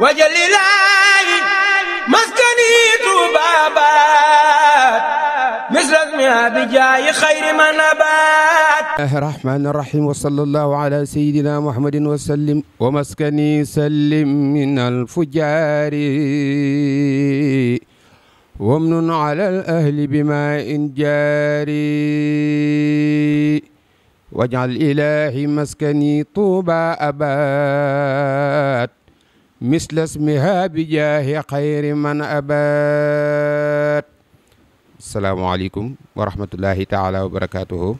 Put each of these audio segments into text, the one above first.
wajalilaayi maskani tuubaabaat misrasmi abijaayi xayri manabaat bismillahi rahmaani rahim wa sallallahu ala sayyidina muhammadin wa sallim wa maskani sallim min alfujaari wamnun ala alahli bima in jaari wajal ilaahi maskani tuubaabaat misla ismiha bi jaahi xayri man abaat salaamaaleykum wa rahmatullahi taala wa barakaatuhu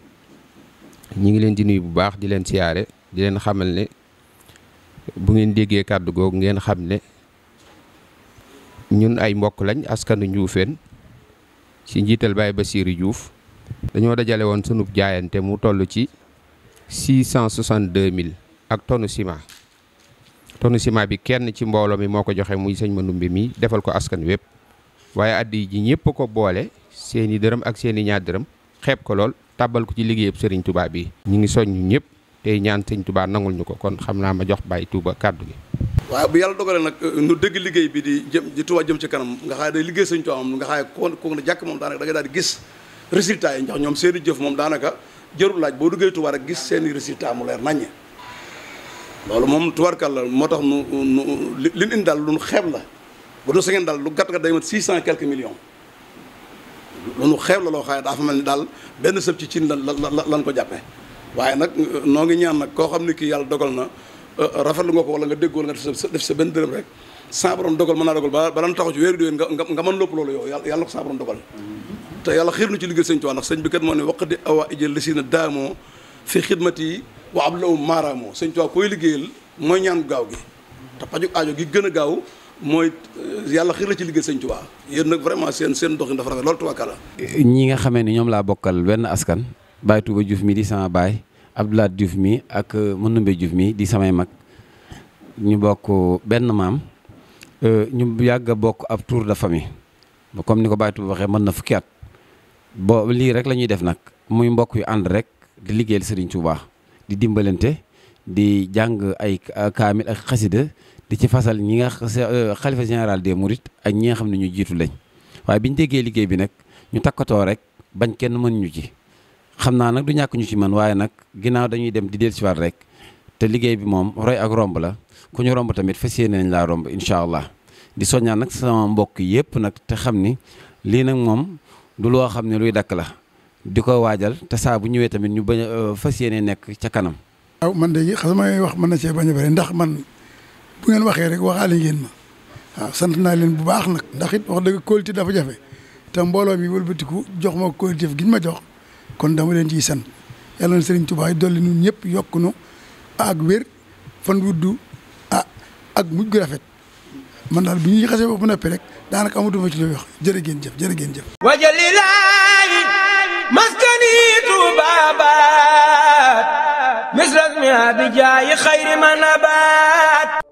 ñi ngi leen di nuyu bu baax di leen siyaare di leen xamal ne bu ngeen déggee kàddu googu ngeen xam ne ñun ay mbokk lañ askanu njuufeen ci njiital Baye Bassirou Diouf dañoo dajale woon sunub jaayante mu toll ci six cent soixante mille ak tonu ciment tonu ciment bi kenn ci mbooloo mi moo ko joxee muy sëñ Mandoumbe mii defal ko askan wépp waaye addi ji ñëpp ko boole seen i dërëm ak seeni ñaar dërëm xeeb ko lool tàbbal ko ci liggéeyub sëriñ tubaab bi ñu ngi soññ ñëpp tey ñaan sëñ Touba nangul ñu ko kon xam naa ma jox Baye Touba kàddu gi. waaw bu yàlla dogalee nag euh, nu dëgg liggéey bi di jëm di Touba jëm ci kanam nga xaay day liggéey sëñ Touba moom nga xaay ko ko na jàkk moom daanaka da ngay daal di gis résultat ñoom seen jëf moom daanaka jërul laaj boo duggee Touba rek gis seen i résultat mu leer naññe loolu moom tubarkal la moo tax nu nu li ñu daal lu nu xeeb la bu nu sëgeen daal lu gàtt gàtt day mat six cent quelques millions lu nu xeeb la loo xaye dafa mel ni daal benn sëb ci cin la la lan ko jàppee waaye nag noo ngi ñaan nag koo xam ne kii yàlla dogal na euh, rafetlu nga ko wala nga déggoo nga def sa benn dërëm rek sa borom dogal mën naa dogal ba balaa taxaw ci wéeru déwén nga nga mën lépp loolu yow yàlla ko sa borom dogal te yàlla xiir na ci liggéey sëñ Tuubaa ndax moo ne waqdi awa ijël li si na daamoo fi xidmati yi wa ab lawu maaraamoo sëñ koy liggéeyal mooy ñaan gaaw gi te pajuk aajo gi gën a gaaw mooy euh, yàlla xiir la ci liggéey sëñ Tuubaa yéen nag vraiment seen seen doxin dafa rafet loolu tubaaka la ñi nga xame ni ñoom laa bokkal benn askan Baye Touba Diouf mi di sama baay Abdoulaye Diouf mi ak euh, Manumbe Diouf mi di samay mag ñu bokk benn maam euh, ñu yàgg a bokk ab tour de famille comme ni ko Baye Touba waxee mën na fukki at boo lii rek la ñuy def nag muy mbokk yu ànd rek di liggéeyal Serigne Touba di dimbalante di jàng ay kaamil ak xasida di ci fasal ñi nga xalifa général des Mourides ak ñi nga xam ne ñu jiitu lañ waaye biñ déggee liggéey bi nag ñu takkatoo rek bañ kenn mënuñu ci xam naa nag du ñàkk ñu ci man waaye nag ginnaaw dañuy dem di dellusiwaat rek te liggéey bi moom roy ak romb la ku ñu romb tamit fas yéene nañ laa romb incha allah di soññaan nag sama mbokk yépp nag te xam ni lii nag moom du loo xam ne luy dakk la di ko waajal te saa bu ñëwee tamit ñu bañ fa euh, fas nekk ca kanam. waaw man de xam may wax mën na cee bañ a bëri ndax man bu ngeen waxee rek waxaale ngeen ma waaw sant naa leen bu baax nag ndax it wax dëgg qualité dafa jafe te mbooloo mi wëlbatiku jox ma qualité gi ñu ma jox kon dama leen ciy sant yàlla na Serigne Touba dolli nu ñëpp yokk ak wér fan wuddu ah, ak mujj gu rafet man daal bu ñuy xasee ba bu noppi rek daanaka amatuma ci lu wax jërë ngeen jëf jërë ngeen الدنيا بجاي خير من نبات